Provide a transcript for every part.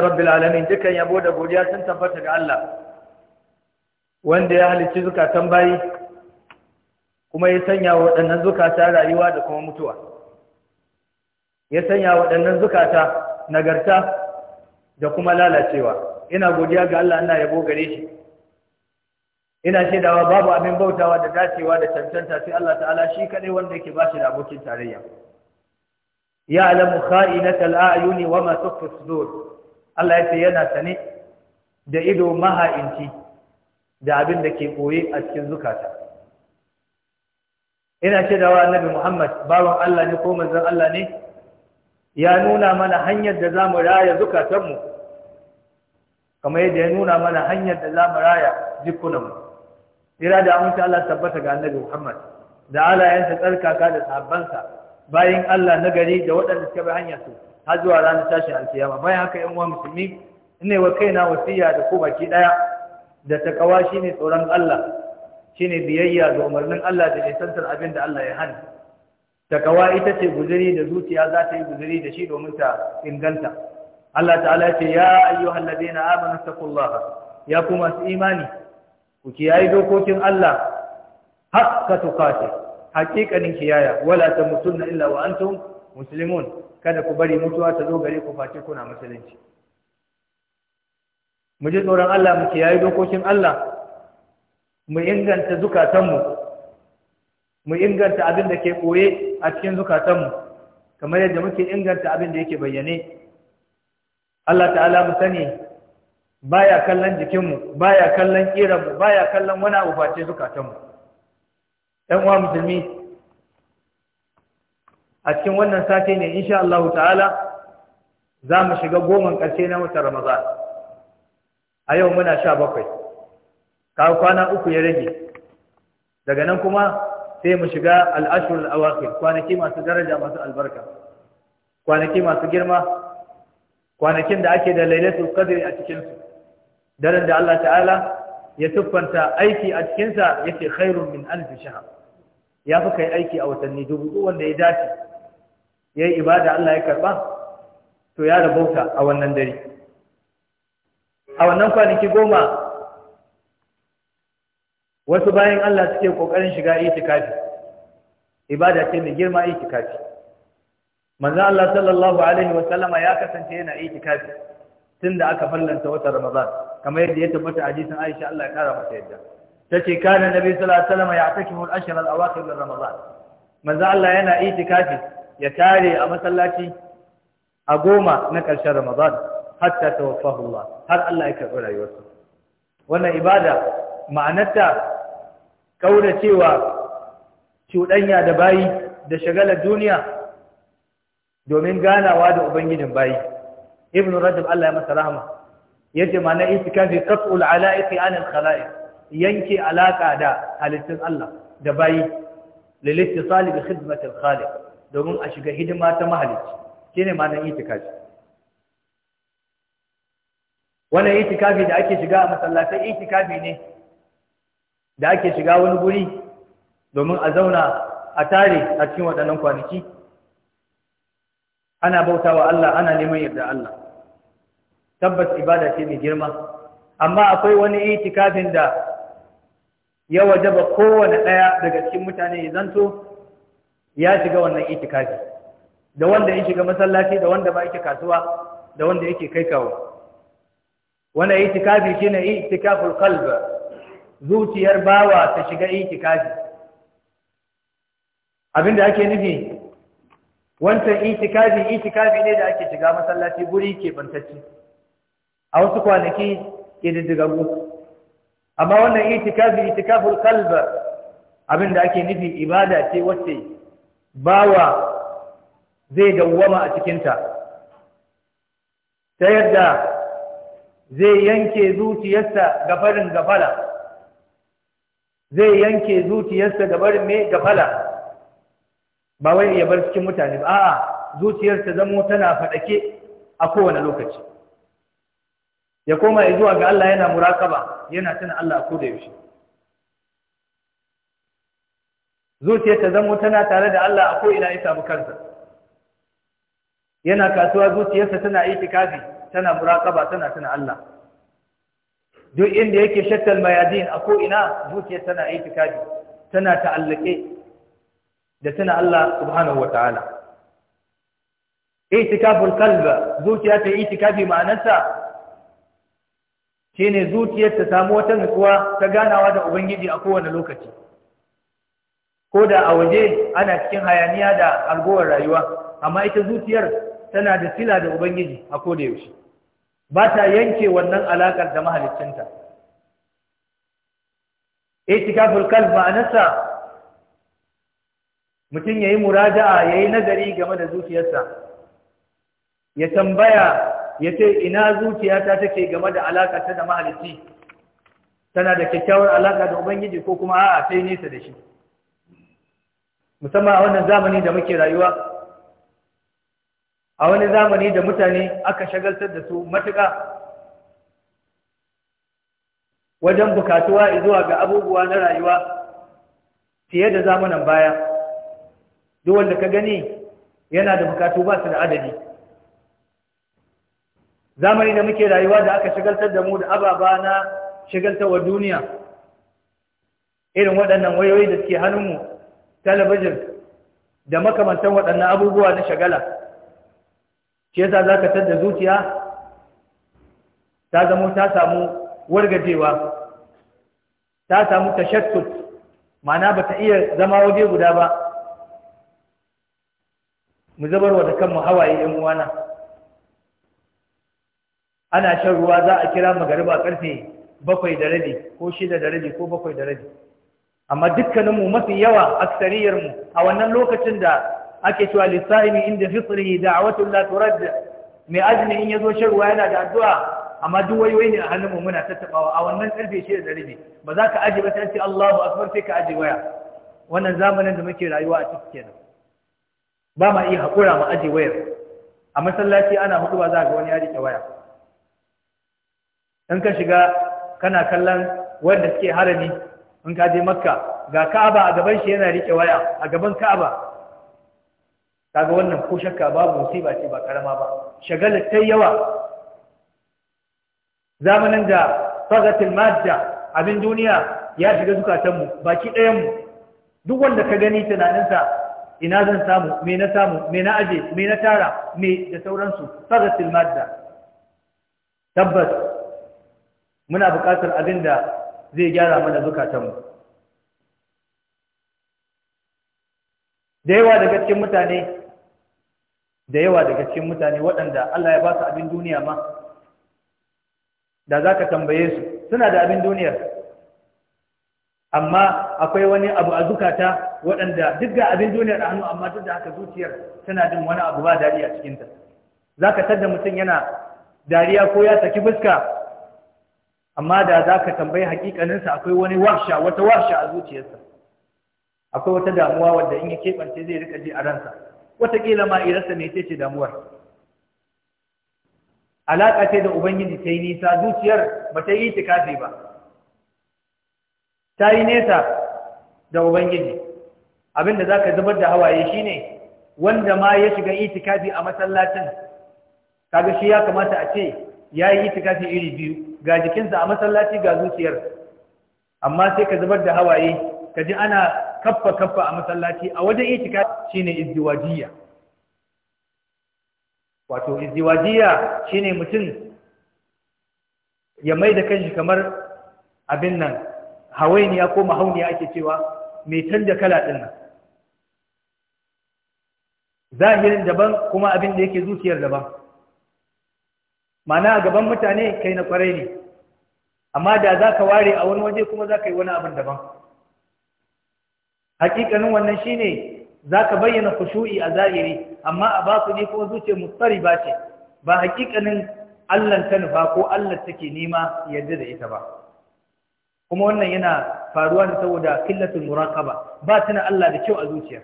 rabbil alamin dukkan yabo da godiya sun tabbata ga Allah wanda ya halicci zukatan bayi kuma ya sanya waɗannan zukata rayuwa da kuma mutuwa ya sanya waɗannan zukata nagarta da kuma lalacewa ina godiya ga Allah ina yabo gare shi ina shaidawa babu abin bautawa da dacewa da cancanta sai Allah ta'ala shi kaɗai wanda yake bashi da abokin tarayya ya alamu kha'inatal a'yuni wa ma tukhfi sudur Allah ya ce yana sane da ido maha'inci da abin da ke koye a cikin zukata ina ce da wa annabi Muhammad bawan Allah ne ko manzon Allah ne ya nuna mana hanyar da zamu raya zukatanmu kamar yadda ya nuna mana hanyar da zamu raya jikunanmu ira da amince Allah tabbata ga annabi Muhammad da alayansa tsarkaka da sahabbansa bayan Allah nagari da waɗanda suka bi hanyar su har zuwa ranar tashi alkiyama bayan haka yan uwa musulmi ne wa kaina wasiya da ku baki daya da takawa shine tsoron Allah shine biyayya ga umarnin Allah da nisantar abin da Allah ya hana takawa ita ce guzuri da zuciya za ta yi guzuri da shi domin ta inganta Allah ta'ala ce ya ayyuhal ladina amanu taqullaha ya kuma su imani ku kiyaye dokokin Allah hakka tuqati hakikanin kiyaya wala tamutunna illa wa antum muslimun kada ku bari mutuwa ta zo gare ku face kuna musulunci mu ji tsoron Allah mu kiyaye dokokin Allah mu inganta zukatanmu mu inganta abin da ke koye a cikin zukatanmu kamar yadda muke inganta abin da yake bayyane Allah ta'ala mu sani baya kallon jikinmu baya kallon kiranmu baya kallon wani abu face zukatanmu ɗan uwa musulmi a cikin wannan sati ne insha Allah ta'ala za mu shiga goman ƙarshe na watan Ramadan a yau muna sha bakwai kawo kwana uku ya rage daga nan kuma sai mu shiga al'ashirul awakhir kwanaki masu daraja masu albarka kwanaki masu girma kwanakin da ake da lailatul qadri a cikinsu. daren da Allah ta'ala ya tuffanta aiki a cikinsa yake khairun min alfi shahr ya fi kai aiki a watanni dubu wanda ya dace ya yi ibada Allah ya karɓa to ya rabauta a wannan dare a wannan kwanaki goma wasu bayan Allah suke ƙoƙarin shiga itikafi ibada ce mai girma itikafi manzo Allah sallallahu alaihi wa sallama ya kasance yana itikafi tunda aka fallanta wata Ramadan kamar yadda ya tabbata a hadisin Aisha Allah ya kara mata yadda tace kana nabi sallallahu alaihi wa sallama ya'takimu al-ashr al-awakhir min Ramadan manzo Allah yana itikafi ya tare a masallaci a goma na ƙarshen Ramadan hatta ta Allah har Allah ya karɓi rayuwarsa wannan ibada ma'anarta kauracewa cuɗanya da bayi da shagalar duniya domin ganawa da ubangijin bayi ibnu rajab Allah ya masa rahama yace ma'anar itikafi qat'ul ala'iqi an al-khala'iq yanke alaƙa da halittun Allah da bayi lil ittisali khidmatil khidmati khaliq domin a shiga hidima ta mahalicci shi ne shine ma'anar itikafi wannan itikafi da ake shiga a masallatai itikafi ne da ake shiga wani guri domin a zauna a tare a cikin waɗannan kwanaki ana bautawa Allah ana neman yarda Allah tabbas ibada ce mai girma amma akwai wani itikafin da ya wajaba kowane ɗaya daga cikin mutane ya zanto ya shiga wannan itikafi da wanda ya shiga masallaci da wanda ba yake kasuwa da wanda yake kai kawo wannan itikafi shine itikaful qalb zuciyar bawa ta shiga itikafi abinda ake nufi wancan itikafi itikafi ne da ake shiga masallaci guri ke bantacci a wasu kwanaki ke diddigagu amma wannan itikafi itikaful qalb abinda ake nufi ibada ce wacce bawa zai dawwama a cikinta ta yadda zai yanke zuciyarsa ga farin gafala zai yanke zuciyarsa ga farin mai gafala ba wai ya bar cikin mutane ba a'a zuciyarsa zamo tana fadake a kowane lokaci ya koma zuwa ga Allah yana muraƙaba, yana tana Allah a koda yaushe zuciya ta zamo tana tare da Allah a ko'ina ya samu kansa yana kasuwa zuciyarsa tana itikafi tana muraqaba tana tana Allah duk inda yake shattal mayadin a ko'ina zuciyar tana itikafi tana ta'allake da tana Allah subhanahu wa ta'ala itikaful qalba zuciya ta itikafi ma'anarsa shine zuciyar ta samu wata nutsuwa ta ganawa da ubangiji a kowane lokaci ko da a waje ana cikin hayaniya da algowar rayuwa amma ita zuciyar tana da sila da ubangiji a koda yaushe ba ta yanke wannan alakar da mahaliccinta itikaful kalb ma'anarsa mutum yayi muraja'a yayi nazari game da zuciyarsa ya tambaya ya ce ina zuciyata take game da alaƙarta da mahalicci tana da kyakkyawar alaka da ubangiji ko kuma a'a sai nesa da shi musamman a wannan zamani da muke rayuwa a wani zamani da mutane aka shagaltar da su matuƙa wajen bukatuwa zuwa ga abubuwa na rayuwa fiye da zamanin baya duk wanda ka gani yana da bukatu ba su da adadi zamani da muke rayuwa da aka shagaltar da mu da ababa na wa duniya irin waɗannan wayoyi da suke hannunmu talabijin da makamantan waɗannan abubuwa na shagala shi yasa za ka tadda zuciya ta zamo ta samu wargajewa ta samu tashattut ma'ana ba ta iya zama waje guda ba mu zabarwa da kanmu hawaye yan uwana ana shan ruwa za a kira magariba karfe bakwai da rabi ko shida da rabi ko bakwai da rabi amma dukkaninmu mafi yawa tsariyarmu, a wannan lokacin da ake cewa lissa'imi inda fitrihi da'awatul la da mai azumi in ya zo shirwa yana da addu'a amma duk wayoyi ne a hannunmu muna tattabawa a wannan karfe shi da rabi ba za ka aje ba sai ce Allahu akbar sai ka aje waya wannan zamanin da muke rayuwa a ciki kenan ba ma iya hakura mu ajiye wayar a masallaci ana hudu ba za ga wani ya rike waya in ka shiga kana kallon wanda suke harami in ka je makka ga ka'aba a gaban shi yana rike waya a gaban ka'aba kaga wannan ko shakka babu musiba ce ba karama ba shagala ta yawa zamanin da fagatil madda abin duniya ya shiga zukatanmu baki ɗayanmu duk wanda ka gani tunaninsa ina zan samu me na samu me na aje me na tara me da sauransu fagatil madda tabbas muna buƙatar abinda. zai gyara mana zukatanmu da yawa daga cikin mutane da yawa daga cikin mutane waɗanda Allah ya ba su abin duniya ma da za ka tambaye su suna da abin duniyar amma akwai wani abu a zukata waɗanda duk ga abin duniyar a hannu amma duk da haka zuciyar tana jin wani abu ba dariya cikinta za ka tadda mutum yana dariya ko ya saki fuska amma da za ka tambayi hakikaninsa akwai wani warsha wata warsha a zuciyarsa akwai wata damuwa wadda in ya keɓance zai rika ji a ransa wataƙila ma irarsa mai ce damuwar alaƙa ce da ubangiji ta yi nisa zuciyar ba ta yi tikafi ba ta yi nesa da ubangiji abinda za ka zubar da hawaye shine wanda ma ya shiga itikafi a masallacin kaga shi ya kamata a ce ya yi itikafi iri biyu ga jikinsa a masallaci ga zuciyar amma sai ka zubar da hawaye ka ji ana kaffa kaffa a masallaci a wajen shi ne izdiwajiya wato izdiwajiya ne mutum ya mai da kanshi kamar abin nan hawainiya ko mahauniya ake cewa mai canja kala ɗin nan zahirin daban kuma abin da yake zuciyar daban mana a gaban mutane kai na kwarai ne amma da za ka ware a wani waje kuma za ka yi wani abin daban hakikanin wannan shi ne za ka bayyana kushu'i a zahiri amma a baku ne kuma zuce mutsari ba ce ba hakikanin allah ta nufa ko allah take nema yadda da ita ba kuma wannan yana faruwa ne saboda killatin muraqaba ba tana allah da kyau a zuciya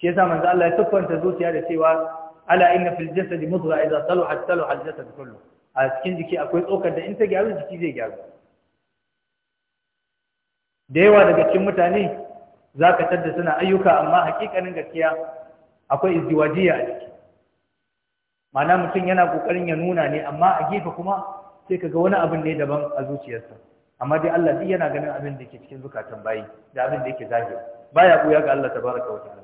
shi yasa manzo Allah ya tuffanta zuciya da cewa ala inna fil jasadi mudra idza salahat salaha al jasad kullu a cikin jiki akwai tsokar da in ta gyaru jiki zai gyaru da yawa daga cikin mutane za ka tadda suna ayyuka amma hakikanin gaskiya akwai izdiwajiya a ciki ma'ana mutum yana kokarin ya nuna ne amma a gefe kuma sai ka ga wani abin ne daban a zuciyarsa amma dai Allah duk yana ganin abin da yake cikin zukatan bayi da abin da yake zahiri baya buya ga Allah tabaraka wa ta'ala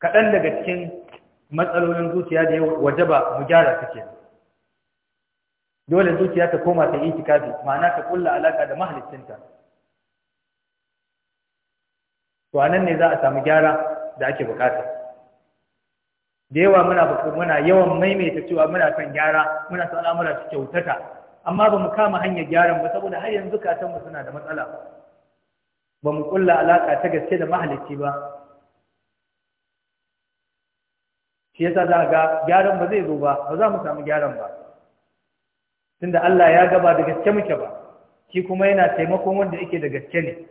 kaɗan daga cikin matsalolin zuciya da ya ba mu gyara su ke dole zuciya ta koma ta yi tikafi ma'ana ta kulla alaka da mahalicinta to anan ne za a samu gyara da ake bukata da yawa muna muna yawan maimaita cewa muna son gyara muna son al'amura su kyautata amma ba mu kama hanyar gyaran ba saboda har yanzu mu suna da matsala ba mu kulla alaka ta gaske da mahalicci ba shi yasa za ga gyaran ba zai zo ba ba za mu samu gyaran ba tunda Allah ya gaba da gaske muke ba shi kuma yana taimakon wanda yake da gaske ne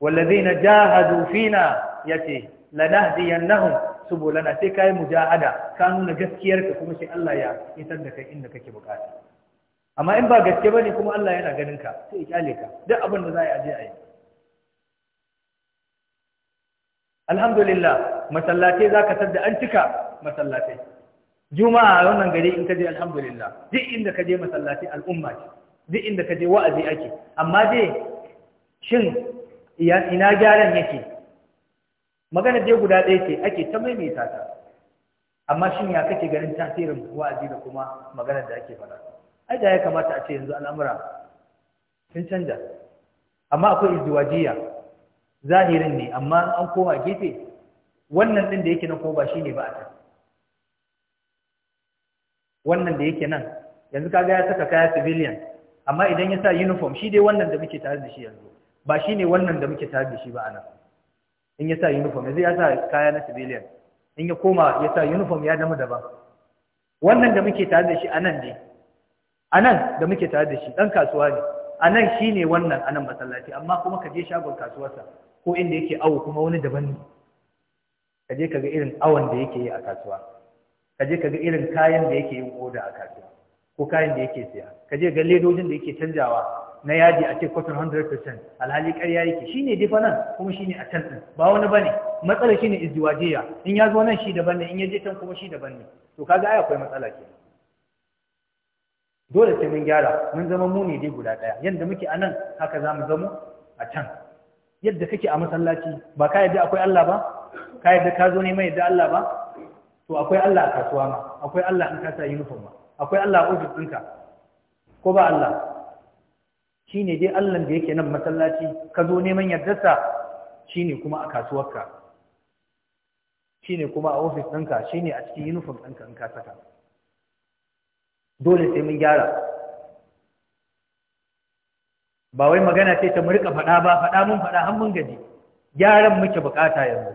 wallazina jahadu fina yace lanahdiyannahum subulana sai kai mujahada ka nuna gaskiyarka kuma sai Allah ya isar da kai inda kake bukata amma in ba gaske bane kuma Allah yana ganin ka sai ya kyale ka duk abin da za a yi a yi alhamdulillah masallatai za ka sadda an cika masallatai juma'a wannan gari in ka je alhamdulillah duk inda ka je masallatai al'umma ce duk inda ka je wa'azi ake amma dai shin ina gyaran yake magana dai guda ɗaya ce ake ta maimaita ta amma shin ya kake ganin tasirin wa'azi da kuma maganar da ake faɗa ai da ya kamata a ce yanzu al'amura sun canja amma akwai izdiwajiya zahirin ne amma an koma gefe wannan din da yake nan ko ba shine ba a can? wannan da yake nan yanzu kaga ya saka kaya civilian amma idan ya sa uniform shi dai wannan da muke tare da shi yanzu ba shine wannan da muke tare da shi ba anan in ya sa uniform yanzu ya sa kaya na civilian in ya koma ya sa uniform ya zama daban wannan da muke tare da shi anan ne anan da muke tare da shi dan kasuwa ne anan shine wannan anan masallaci amma kuma ka je shagon kasuwarsa ko inda yake awo kuma wani daban ne ka je ka ga irin awon da yake yi a kasuwa ka je ka ga irin kayan da yake yin oda a kasuwa ko kayan da yake siya ka je ga ledojin da yake canjawa na yadi a ce cotton 100% alhali karya yake Shi shine difanan kuma shi ne a can ɗin. ba wani ba matsala matsalar ne izdiwajiya in ya zo nan shi daban ne in ya je can kuma shi daban ne to kaga ai akwai matsala ke dole sai mun gyara mun zama muni dai guda ɗaya. Yadda muke a nan haka za mu zamo a can yadda kake a masallaci ba ka yadda akwai Allah ba ka yadda ka zo neman yadda Allah ba to akwai Allah a kasuwa ma akwai Allah in ka sa uniform ma akwai Allah a ofis ɗinka ko ba Allah shine dai Allah da yake nan masallaci ka zo neman yardarsa shine kuma a kasuwarka shine kuma a ofis ɗinka shine a cikin uniform ɗinka in ka saka dole sai mun gyara ba wai magana ce ta murƙa faɗa ba faɗa mun faɗa har mun gaji gyaran muke bukata yanzu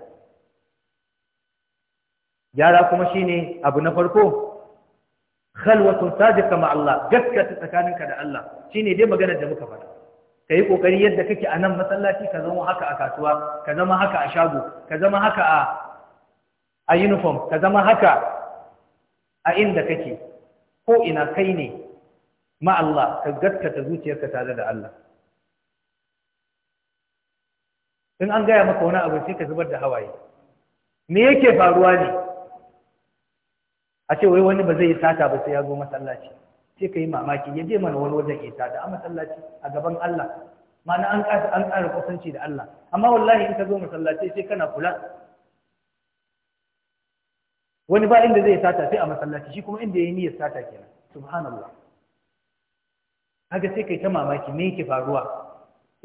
gyara kuma shine abu na farko khalwatun sadiqa ma Allah gaskata tsakaninka da Allah shine dai magana da muka faɗa ka yi ƙoƙari yadda kake a nan masallaci ka zama haka a kasuwa ka zama haka a shago ka zama haka a a uniform ka zama haka a inda kake ko ina kai ne ma Allah ka gaskata zuciyarka tare da Allah in an gaya maka wani abu sai ka zubar da hawaye me yake faruwa ne a ce wai wani ba zai yi sata ba sai ya zo masallaci sai ka yi mamaki ya je mana wani wajen ya da a masallaci a gaban Allah ma'ana an ƙasa an ƙara kusanci da Allah amma wallahi in ka zo masallaci sai kana kula wani ba inda zai sata sai a masallaci shi kuma inda ya yi niyyar sata kenan subhanallah kaga sai kai ta mamaki me yake faruwa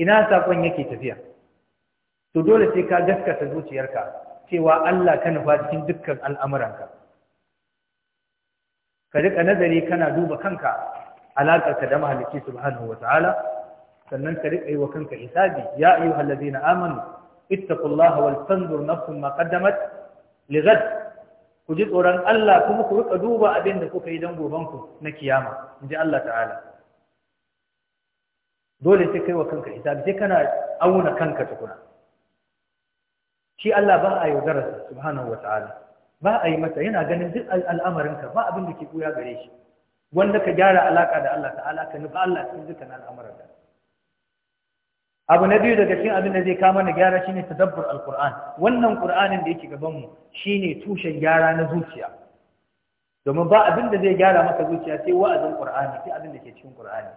ina sakon yake tafiya to dole sai ka gaskata zuciyarka cewa Allah ka nufa cikin dukkan al'amuranka ka riƙa nazari kana duba kanka alaƙarka da mahalicci subhanahu ta'ala, sannan ka riƙa yi wa kanka hisabi ya ayyuhal ladzina amanu ittaqullaha wal tanzur nafsun ma qaddamat lighad ku ji tsoron Allah kuma ku rika duba abin da kuka yi dan gobanku na kiyama in ji Allah ta'ala dole sai kai wa kanka hisabi sai kana auna kanka tukuna shi Allah ba a yaudararsa subhanahu wata'ala ba a yi masa yana ganin duk al'amarinka ba abin da ke koya gare shi wanda ka gyara alaƙa da Allah ta'ala ka nufa Allah cikin dukkan al'amuranka abu na biyu daga cikin abin da zai kama na gyara shine tadabbur alquran wannan qur'anin da yake gaban mu shine tushen gyara na zuciya domin ba abin da zai gyara maka zuciya sai wa'azin qur'ani sai abin da ke cikin qur'ani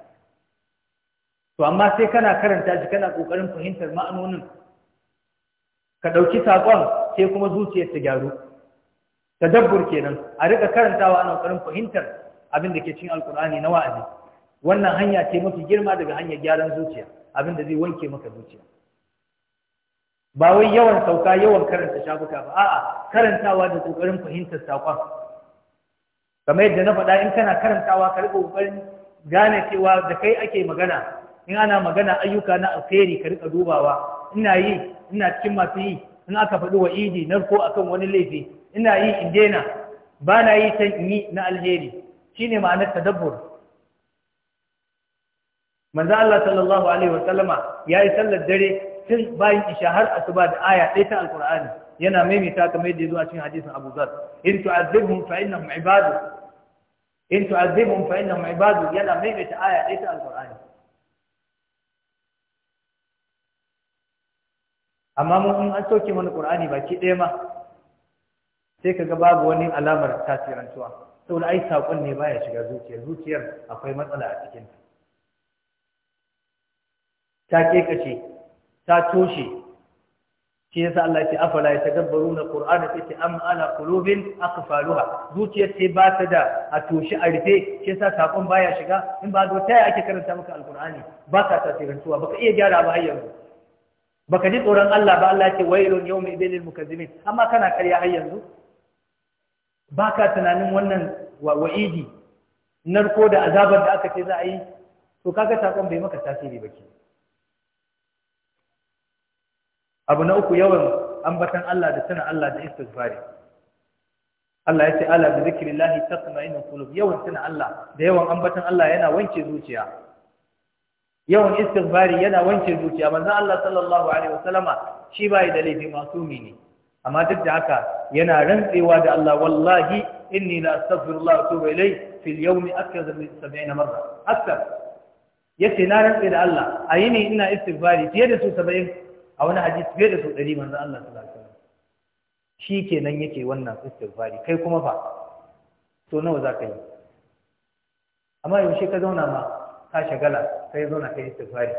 to amma sai kana karanta shi kana kokarin fahimtar ma'anonin ka ɗauki saƙon sai kuma zuciyar ta gyaru ta dabbur kenan a rika karantawa ana ƙarin fahimtar abin da ke cin alkur'ani na wa'azi wannan hanya ce mafi girma daga hanyar gyaran zuciya abin da zai wanke maka zuciya ba wai yawan sauka yawan karanta shafuka ba a'a karantawa da ƙoƙarin fahimtar saƙon kamar yadda na faɗa in kana karantawa ka rika ƙoƙarin gane cewa da kai ake magana in ana magana ayyuka na alheri ka rika dubawa ina yi ina cikin masu yi in aka faɗi wa idi ko akan wani laifi ina yi in daina ba na yi can in yi na alheri shi ne ma'anar tadabbur manzan Allah sallallahu alaihi wasallama yi sallar dare tun bayan isha har asuba da aya ɗaya ta alƙur'ani yana maimaita kamar yadda ya zo a cikin hadisin Abu Zar in tu'azzibhum fa innahum ibadu in tu'azzibhum fa innahum ibadu yana maimaita aya ɗaya ta alƙur'ani amma mu in an sauke mana qur'ani baki ɗaya ma sai kaga babu wani alamar tasirantuwa saboda ai sakon ne baya shiga zuciya zuciyar akwai matsala a cikin ta kekace ta toshe shi yasa Allah ya ce afala yatadabbaruna qur'ana ce am ala qulubin aqfaluha zuciyar sai ba ta da a toshe a rufe shi yasa sakon baya shiga in ba zo ta ake karanta maka alqur'ani ba ka tasirantuwa baka iya gyara ba har yanzu baka ji tsoron Allah ba Allah ce wailun yawma idil lil mukazzimin amma kana karya har yanzu baka tunanin wannan wa'idi narko da azabar da aka ce za a yi to kaga sakon bai maka tasiri ba ke abu na uku yawan ambatan Allah da tana Allah da istighfari Allah ya ce ala bi zikrillahi tatma'innu qulub yawan tana Allah da yawan ambatan Allah yana wanke zuciya yawan istighfari yana wanke zuciya manzon Allah sallallahu alaihi wasallama shi bai da laifi masumi ne amma duk da haka yana rantsewa da Allah wallahi inni la astaghfirullah wa atubu ilay fil yawmi akthar min 70 marra akthar yace na rantse da Allah a yini ina istighfari fiye da su 70 a wani hadisi fiye da su 100 manzon Allah sallallahu alaihi wasallam shi kenan yake wannan istighfari kai kuma fa to nawa zaka yi amma yaushe ka zauna ma ka shagala sai zo na kai istighfari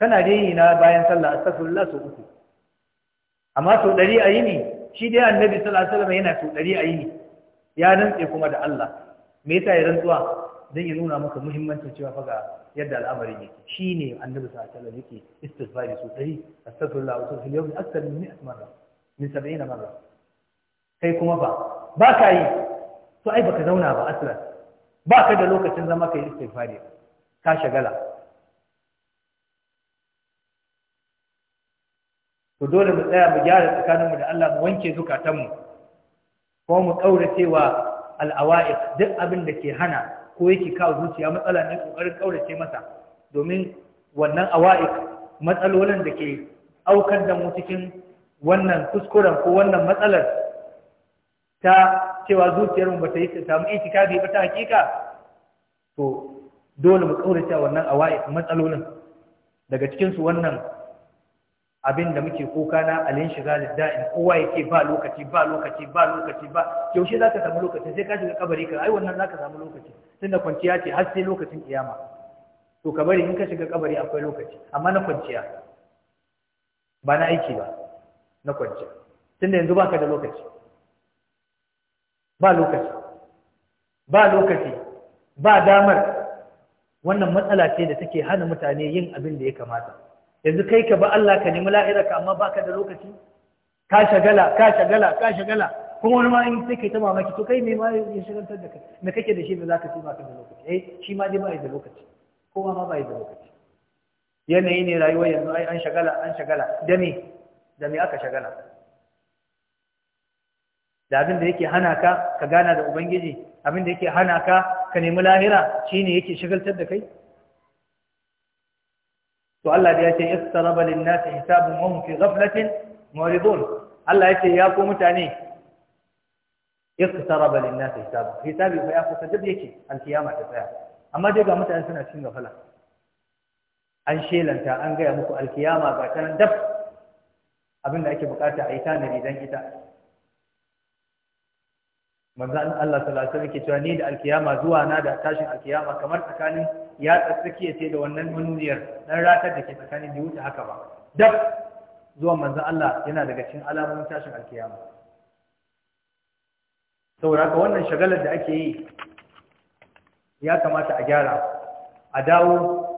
kana dai na bayan sallah astaghfirullah su uku amma sau ɗari a ne, shi dai annabi sallallahu alaihi wasallam yana sau ɗari a ne. ya rantse kuma da Allah me yasa ya rantsuwa dan ya nuna maka muhimmancin cewa fa ga yadda al'amarin shi shine annabi sallallahu alaihi wasallam yake istighfari so dari astaghfirullah wa fil yawmi akthar min 100 marra min 70 marra kai kuma ba ba ka yi to ai baka zauna ba aslan ba ka da lokacin zama ka yi istifari ka shagala to dole mu tsaya mu gyara tsakaninmu da Allah mu wanke zukatanmu ko mu cewa al'awa'ik duk abin da ke hana ko yake kawo zuciya matsala ne kokarin ƙaurace masa domin wannan awa'i matsalolin da ke aukar da mu cikin wannan kuskuren ko wannan matsalar ta cewa zuciyar mu bata yi ta samu itikadi ba ta hakika to dole mu cewa wannan awai matsalolin daga cikin su wannan abin da muke kuka na alin shiga lidda'in kowa yake ba lokaci ba lokaci ba lokaci ba yaushe za ka samu lokaci sai ka shiga kabari ka ai wannan za ka samu lokaci tunda kwanciya ce har sai lokacin kiyama to kabari in ka shiga kabari akwai lokaci amma na kwanciya ba na aiki ba na kwanciya tunda yanzu baka da lokaci ba lokaci ba lokaci ba damar wannan matsala ce da take hana mutane yin abin da ya kamata yanzu kai ka ba Allah ka nemi la'irarka amma baka da lokaci ka shagala ka shagala ka shagala kuma wani ma in sai kai ta mamaki to kai ne ma ya shagaltar da kai me kake da shi da zaka ci ka da lokaci eh shi ma dai ba da lokaci kowa ma ba da lokaci yanayi ne rayuwar yanzu ai an shagala an shagala da me da me aka shagala da abin da yake hana ka ka gana da ubangiji abin da yake hana ka ka nemi lahira shi ne yake shigaltar da kai to Allah da ya ce istaraba lin-nas hisabun wa hum fi ghaflatin Allah ya ce ya ku mutane istaraba lin-nas hisabun hisabi ba ya kusa dab yake an kiyama ta tsaya amma dai ga mutane suna cin gafala an shelanta an gaya muku alkiyama ba ta nan dab abinda ake bukata a yi tanadi dan ita manzan Allah sallallahu alaihi cewa ni da alkiyama zuwa na da tashin alkiyama kamar tsakanin ya tsatsake ce da wannan manuniyar dan ratar da ke tsakanin biyu wuce haka ba dab zuwa manzan Allah yana daga cikin alamomin tashin alkiyama saboda haka wannan shagalar da ake yi ya kamata a gyara a dawo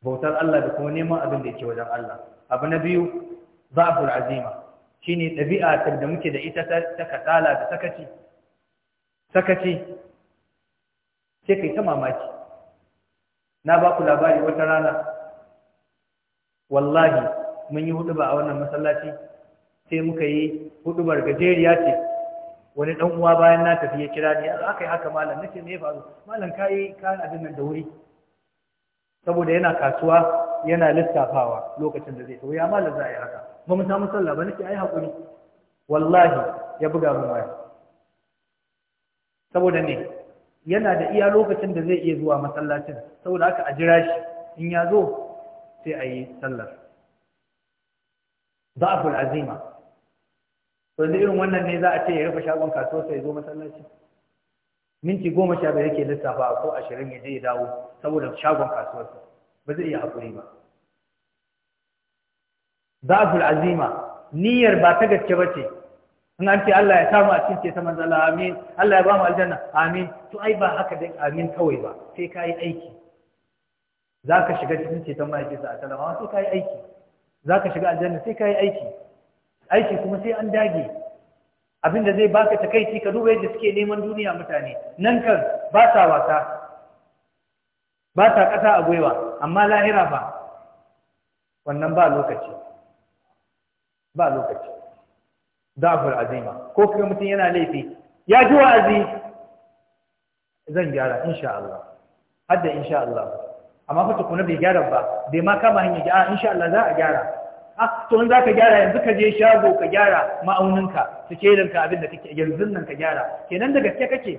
bautar Allah da kuma neman abin da yake wajen Allah abu na biyu za'ful azima ne ɗabi'a da muke da ita ta kasala da sakaci sakaci sai kai ta mamaki na ba ku labari wata rana wallahi mun yi hudu ba a wannan masallaci sai muka yi bar gajeriya ce wani ɗan’uwa uwa bayan na tafi ya kira ni aka yi haka malam nake me ya faru malam yi? kayan abin nan da wuri saboda yana kasuwa yana lissafawa lokacin da zai to ya malar za a yi haka ba mu samu sallah ba nake ai hakuri wallahi ya buga mun waya saboda ne yana da iya lokacin da zai iya zuwa masallacin saboda haka a jira shi in ya zo sai a yi sallar da'aful azima to da irin wannan ne za a ce ya rufe shagon kasuwa sai zo masallaci minti goma sha biyar yake lissafa ko ashirin ya je ya dawo saboda shagon kasuwarsa ba zai iya haƙuri ba zaful azima niyyar ba ta gaske ba ce in an ce Allah ya samu a cikin ce ta manzala amin Allah ya ba mu aljanna amin to ai ba haka dai amin kawai ba sai ka yi aiki za ka shiga cikin ceton mahaifinsa a talama sai ka yi aiki za ka shiga aljanna sai ka yi aiki aiki kuma sai an dage abin da zai baka takaici ka duba yadda suke neman duniya mutane nan kan ba sa wasa ba sa kasa a gwiwa amma lahira ba wannan ba lokaci ba lokaci da'fur azima ko kuma mutum yana laifi ya ji wa'azi zan gyara insha Allah hadda insha Allah amma fa tukuna bai gyara ba bai ma kama hanya ga insha Allah za a gyara a ah, to in zaka gyara yanzu ka je shago ka gyara ma'auninka tukelinka abin da kake yanzu nan ka gyara kenan da gaske kake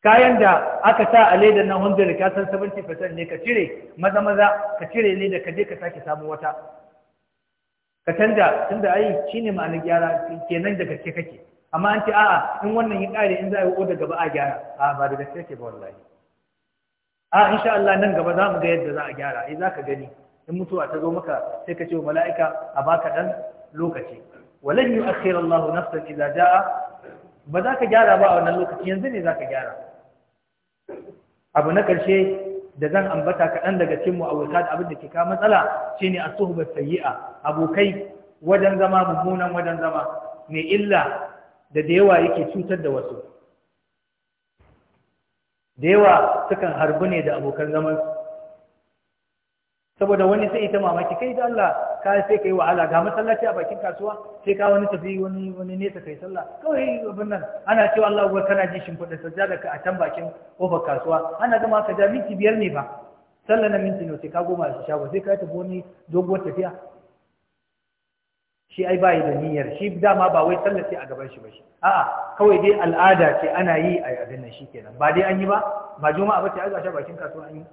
kayan da aka sa a leda na wanda da kasan 70% ne ka cire maza maza ka cire ne da ka je ka sake samu wata ka canja tunda ai shine ma'ana gyara kenan da gaske kake amma an ce a'a in wannan ya kare in za a yi oda gaba a gyara a ba da gaske ke ba wallahi a insha Allah nan gaba za mu ga yadda za a gyara ai eh, za ka gani in mutuwa ta zo maka sai ka ce wa mala'ika a baka dan lokaci walan yu'akhkhir Allahu nafsan idza jaa ba za ka gyara ba a wannan lokaci yanzu ne za ka gyara abu na ƙarshe da zan ambata kaɗan daga cikin da abin da ke kawo matsala shi ne a suhbat sayi'a abokai wajen zama mummunan wajen zama mai illa da da yawa yake cutar da wasu da yawa sukan harbi ne da abokan zaman saboda wani sai ita mamaki kai da Allah ka sai kai wahala ga masallaci a bakin kasuwa sai ka wani tafi wani wani nesa kai sallah kawai abin nan ana cewa Allah uwar kana ji shin kudin sajjada ka a can bakin kofar kasuwa ana gama ka ja minti biyar ne fa sallah na minti ne sai ka goma shi shago sai ka tafi wani doguwar tafiya shi ai bai da niyyar shi dama ba wai sallah a gaban shi ba shi a'a kawai dai al'ada ce ana yi a abin nan kenan. ba dai an yi ba ba juma'a ba ce a bakin kasuwa an yi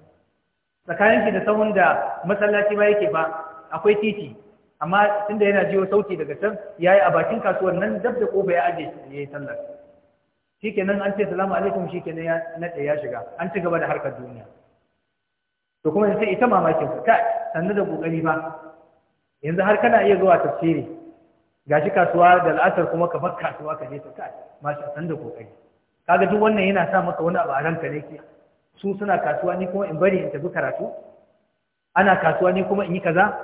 tsakaninki da sahun da masallaci ba yake ba akwai titi amma tunda yana jiwo sauti daga can yayi a bakin kasuwar nan dab da kofa ya aje yayi sallar shikenan an ce salamu alaikum shikenan ya nade ya shiga an ci gaba da harkar duniya to kuma sai ita mamakin ka sannu da kokari ba yanzu har kana iya zuwa tafsiri gashi kasuwa da al'asar kuma ka bar kasuwa ka je ta kai shi san da kokari kaga duk wannan yana sa maka wani abu a ranka ne su suna kasuwa ni kuma in bari in tafi karatu ana kasuwa ni kuma in yi kaza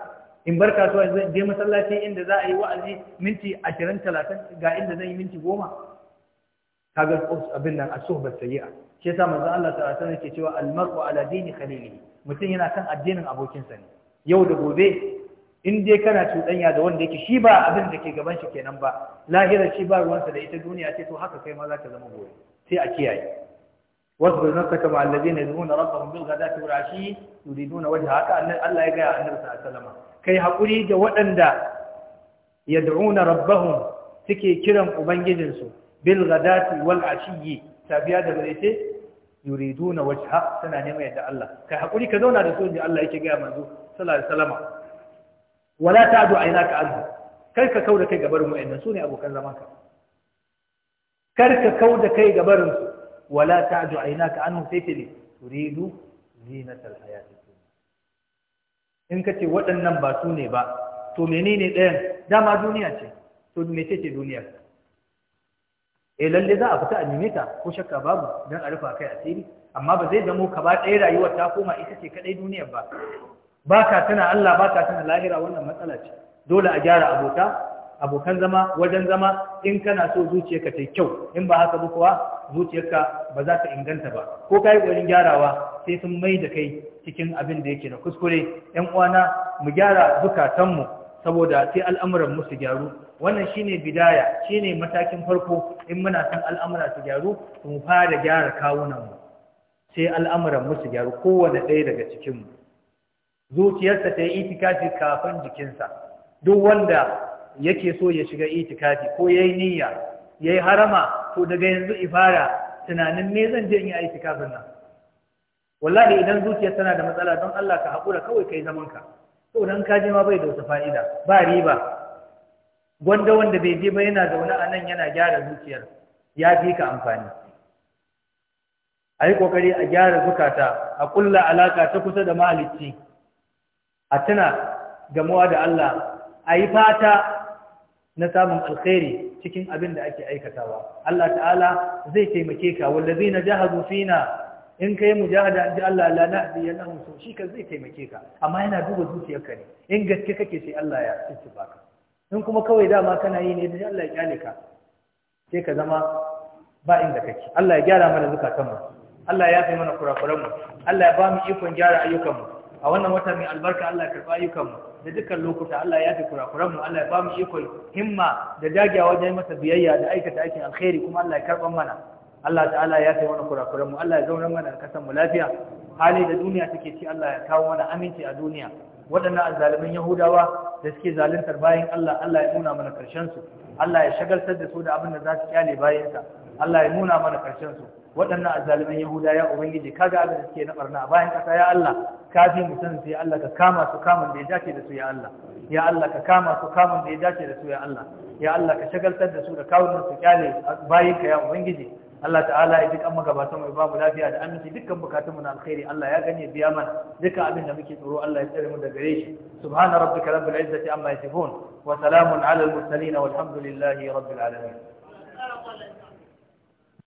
in bar kasuwa in je masallaci inda za a yi wa'azi minti 20 30 ga inda zan yi minti 10 kaga abin nan as-suhbat sayyi'a shi yasa manzo Allah ta'ala sai yake cewa al-mar'u ala dini khalilihi mutum yana kan addinin abokinsa ne yau da gobe in dai kana cuɗanya da wanda yake shi ba abin da ke gaban shi kenan ba lahira shi ba ruwansa da ita duniya ce to haka kai ma za ka zama gobe sai a kiyaye واصبر نفسك مع الذين يدعون ربهم بالغداة والعشي يريدون وجهه هكا الله يقع النبي صلى الله عليه وسلم كي هقولي جوان دا يدعون ربهم سكي كرم أبنجدنسو بالغداة والعشي تابعا دا بريتي يريدون وجهه سنة نمي دا الله كي هقولي كذونا رسول دي الله يقع منذ صلى الله عليه وسلم ولا تعد عيناك عنه كيف كودك يقبرهم إن سوني أبو كان زمانك كيف كودك يقبرهم wala ta'du aynaka anhum sai ce ne turidu zinatal hayati in ka ce waɗannan ba su ne ba to menene ɗayan dama duniya ce to me ce ce duniya E, lalle za a fita a nime ko shakka babu don a rufa kai asiri amma ba zai zamo ba ɗaya rayuwar ta koma ita ce kaɗai duniyar ba ba ka tana Allah ba ka tana lahira wannan matsala ce dole a gyara abota abokan zama wajen zama in kana so zuciyarka ta kyau in ba haka ba kuwa zuciyarka ba za ta inganta ba ko kai kokarin gyarawa sai sun mai da kai cikin abin da yake na kuskure 'yan uwana mu gyara mu saboda sai al'amuran mu su gyaru wannan shine bidaya shine matakin farko in muna san al'amura su gyaru mu fara gyara kawunan mu sai al'amuran musu gyaru kowane ɗaya daga cikin mu zuciyarsa ta yi itikafi kafin jikinsa duk wanda yake so ya shiga itikafi ko yayi niyya yayi harama to daga yanzu ifara tunanin me zan je in yi itikafin nan wallahi idan zuciya tana da matsala don Allah ka haƙura kawai kai zaman ka to dan ka je ma bai da wata fa'ida ba riba gwanda wanda bai je ba yana zaune a nan yana gyara zuciyar ya fi ka amfani a yi ƙoƙari a gyara zukata a ƙulla alaka ta kusa da mahalicci a tuna gamuwa da Allah a yi fata na samun alkhairi cikin abin da ake aikatawa Allah ta'ala zai taimake ka na jahadu fina in kai mujahada inji Allah la nahdi yanahum so shi ka zai taimake ka amma yana duba zuciyarka ne in gaske kake sai Allah ya tsiba baka. in kuma kawai dama kana yi ne dan Allah ya kyale ka sai ka zama ba inda kake Allah ya gyara mana zukatanmu Allah ya yafe mana kurakuranmu. Allah ya ba mu ikon gyara ayyukanmu. a wannan wata mai albarka Allah ya karɓa ayyukanmu da dukkan lokuta Allah ya fi kurakuranmu Allah ya ba mu ikon himma da dagewa wajen masa biyayya da aikata aikin alkhairi kuma Allah ya karɓan mana Allah ta'ala ya kai mana kurakuranmu Allah ya zauna mana da mu lafiya hali da duniya take ci Allah ya kawo mana aminci a duniya waɗannan azzalumin Yahudawa da suke zaluntar bayan Allah Allah ya nuna mana karshen su Allah ya shagaltar da su da abin da za su kyale bayansa Allah ya nuna mana karshen su waɗannan azzalumin yahuda ya ubangiji kaga abin da suke na barna a bayan ƙasa ya Allah ka fi mutum ya Allah ka kama su kamun da ya dace da su ya Allah ya Allah ka kama su kamun da ya dace da su ya Allah ya Allah ka shagaltar da su da kawunan su kyale bayin ka ya ubangiji Allah ta'ala ya duk an magabatan mai babu lafiya da aminci dukkan bukatunmu na alkhairi Allah ya gane biya mana duka abin da muke tsoro Allah ya tsare mu daga gare shi subhana rabbika rabbil izzati amma yasifun wa salamun ala al mursalin walhamdulillahi rabbil alamin